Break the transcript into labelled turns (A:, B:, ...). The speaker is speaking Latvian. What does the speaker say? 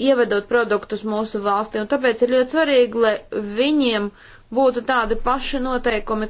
A: ievedot produktus mūsu valstī, un tāpēc ir ļoti svarīgi, lai viņiem būtu tādi paši noteikumi